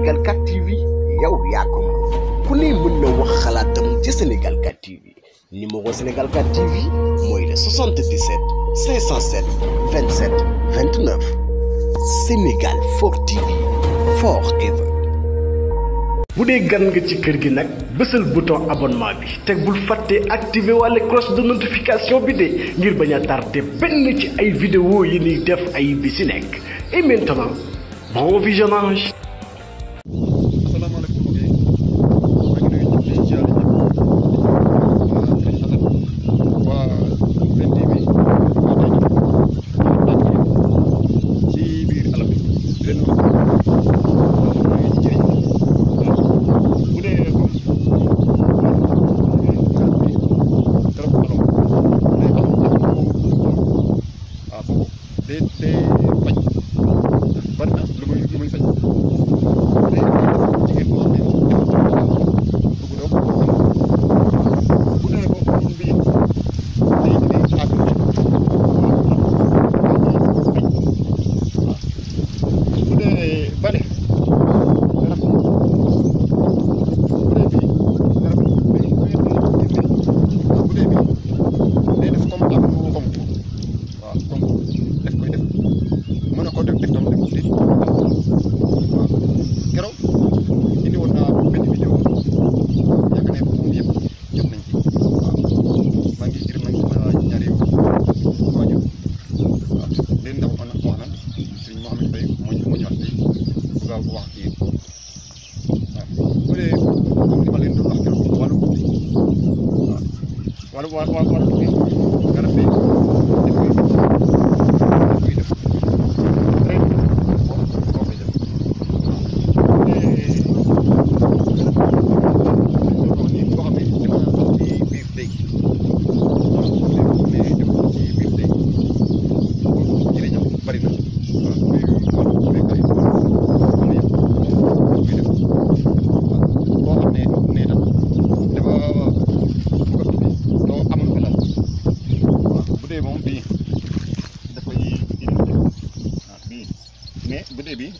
Sénégal 4 TV yow yaa ko ku ne mën na wax xalaatam ci Sénégal 4 TV numéro Sénégal 4 TV moy le 77 507 27 29 Sénégal 4 TV forever. Vous voulez gan nga ci kër gi nag bésal bouton abonnement Et te bul fàtte la cloche de notification bi ne ngir bañ tardé ci ay vidéo yi ni def ay et maintenant bon visionnage. What, what, what, what are the people? Gotta fix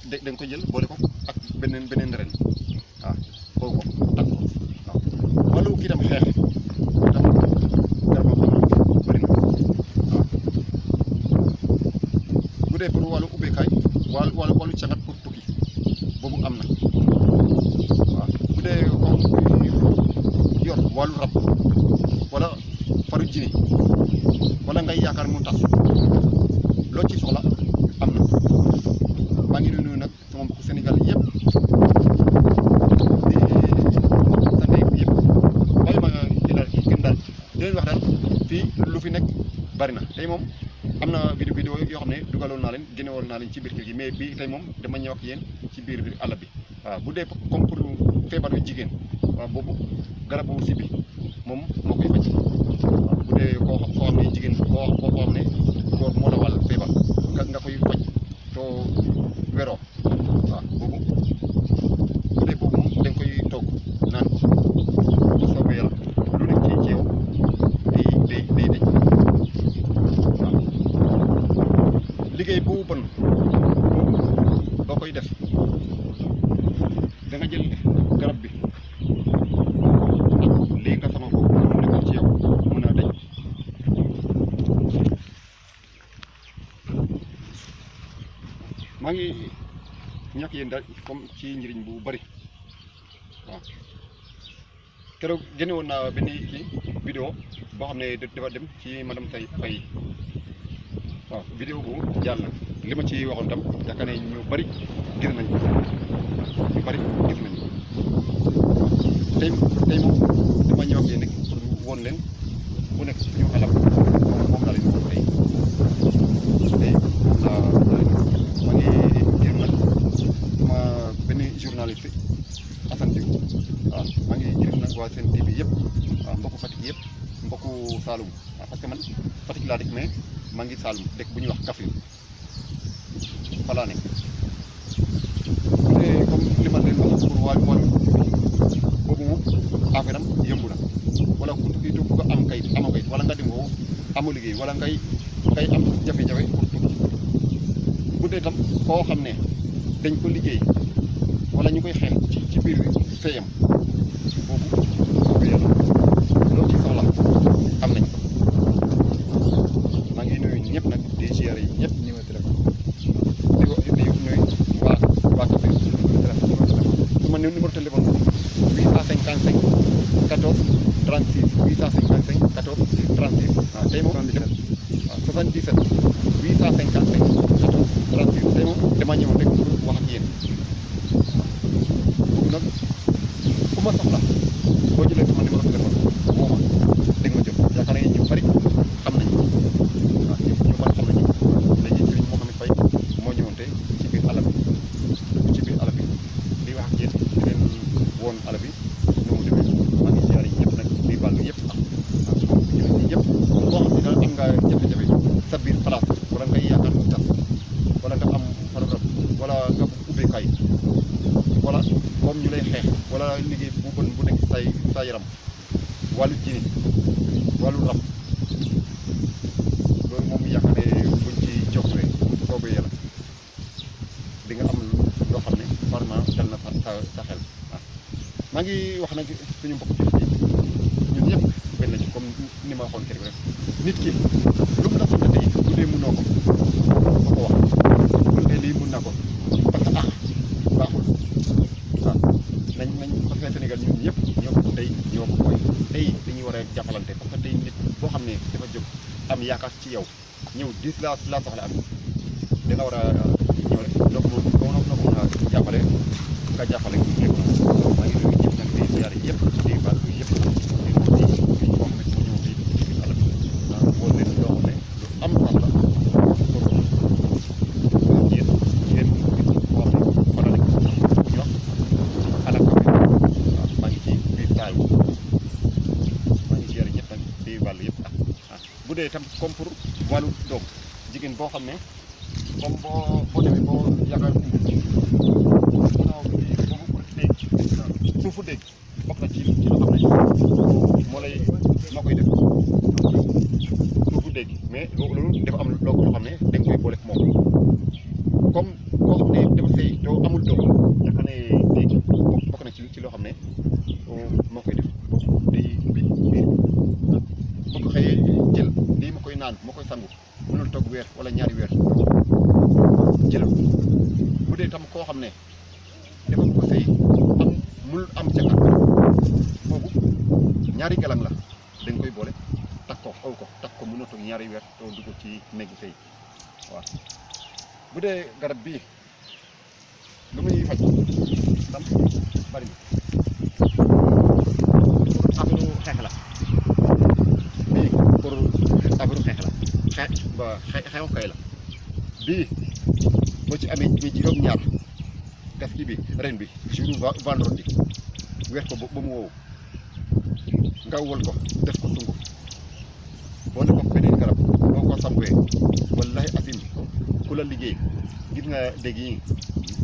bi da nga ko jël boole ko ak beneen beneen ren waaw boobu ko ko waaw wàllu tam xeex tam garab boo xam ne bëri na pour tukki bu yor wàllu rap, wala faru jini wala ngay yaakaar mu tas ci soxla fii lu fi nekk bari na tey moom am na vidéo vidéo yoo xam ne dugaloon naa leen génnewoon naa leen ci biir kër gi mais bii tey moom dama ñëw ak ci biir bi àll bi waaw bu dee comme pour feebaru jigéen waaw boobu garabu si bi moom moo koy faj bu dee koo koo xam ne jigéen koo koo xam ne moo la wàll feebar danga nga jël garab bi lii nga sama ko mu a daj maa ngi ñàkk yéen daal comme ci njëriñ bu bari waaw keroog génne woon benn kii vidéo boo xam ne dafa dem ci madame Tay Faye waaw vidéo boobu jàll na li ma ci waxoon tam yaakaar ne ñu bari gis nañ gis nañ ko tey tey moom dama ñëw ak yéen rek woon leen bu nekk suñu xalaat moom daal di woon tey tey euh, ma ngi gërëm nag ma benn journaliste Assane Diouf waaw ah, maa ngi gërëm nag seen TV yëpp ah, mbokku Fatick yëpp mbokku Saloum ngi Saloum bu ñuy wax Kaffrine fa laa nekk comme li ma leen waa moom boobu moom affaire yëmb na wala ku tukki tukki ko am kayit amoo kayit wala nga dem woo amoo liggéey wala ngay ngay am jafe-jafe pour tukki bu dee tam koo xam ne dañ ko liggéey wala ñu koy xeex ci ci biir bi feeyam 36 855 14 36 waaw tey moom. 77 waaw 77 855 14 36 tey moom damaa ñëwoon rek pour wax ak waaw nag ma soxla boo jëlee sama dafa ñu lay xeex wala liggéey bu bon bu nekk say sa yaram walu jini walu rab loolu mom yaakaar ne buñ ci jokkale soobee yalla di nga am lo xamné ne vraiment dal na sa sa xel waaw ngi wax nag suñu mbokk ci ñun ñep ben ci comme ni ma xon keroog rek nit ki lu mu la sant tey bu dee mënoo ko ko wax bu dé lii mu nako tontonte parce que tey nit boo xam ne dafa jóg am yaakaar ci yow ñëw diis la la soxla am da nga war a ñëw rek donc moom boo na ko mën a jàppale nga jàppale ñëpp maa ngi nuyu ñëpp nag di ziare yëpp di baal yëpp tam comme pour wàllu doom jigéen boo xam ne comme boo boo demee boo yaakaar naaw bi ne moo lay moo koy def suufu déeg mais loolu dafa am loo loo xam ne da nga koy boole moom comme koo xam ne dafa sëy doo amul doom yaakaar ne déeg bokk moo koy def ko xaw ko takk ko mënatu ñaari weer doo dugg ci néegi sëy waaw bu dee garab bii lu muy faj tam bari na affaire xeex la bii pour affaire xeex la xeex ba xeexu kay la bii boo ci amee bi juróom-ñaar def ci bi ren bi jour vendredi weer ko ba mu wow nga wol ko def ko sunguf boole ko beneen garab boo ko sangwee wallahi asim ku la liggéey gis nga dégg yi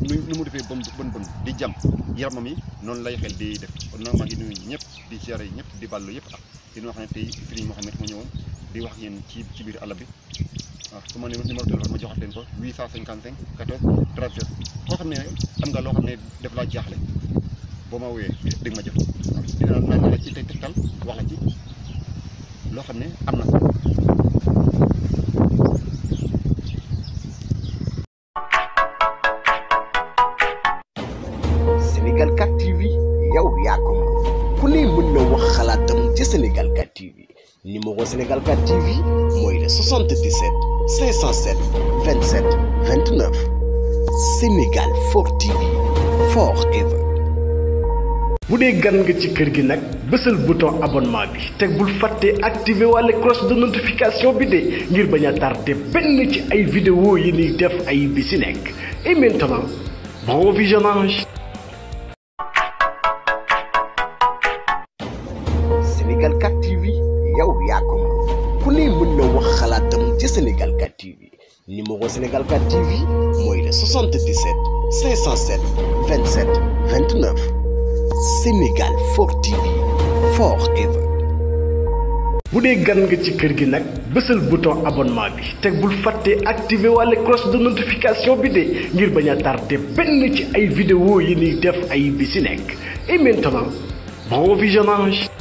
nu nu mu defee bon bon bën di jam yaramam yi noonu lay xel di def kon nag maa ngi nuyu ñëpp di siyaare ñëpp di bàllu yëpp ak di nu wax ne tey Serigne Mohamed mu ñëwoon di wax yéen ci ci biir àll bi waaw su ma numéro téléphone ma joxaat leen ko 855 14 37 koo xam ne am nga loo xam ne def laa jaaxle boo ma wooyee dégg ma jëf waaw dinaa naan la ci tey tegtal wax la ci Sénégal 4 TV yow ya ko ku ne mën na wax xalaatam ci Sénégal 4 TV numéro Sénégal 4 TV mooy le 77 507 27 29 Sénégal 4 TV forever si vous gan nga ci kër gi sur le bouton abonnement bi té bul faté activer cloche de notification bi dé ngir baña tardé benn ci ay vidéo yi ni def ay et maintenant bon visionnage. Sénégal 4 TV yow ya ko ku ne mën na wax ci Sénégal 4 TV numéro Sénégal 4 TV moy le 77 507 27 29. Sénégal 4 TV forever. bu dee gan nga ci kër gi nag bésal bouton abonnement bi teg bul fàtte activé walla cloche de notification bi de ngir bañ a tardé benn ci ay vidéo yi ni def ay bi ci nekk et maintenant bon visionnage.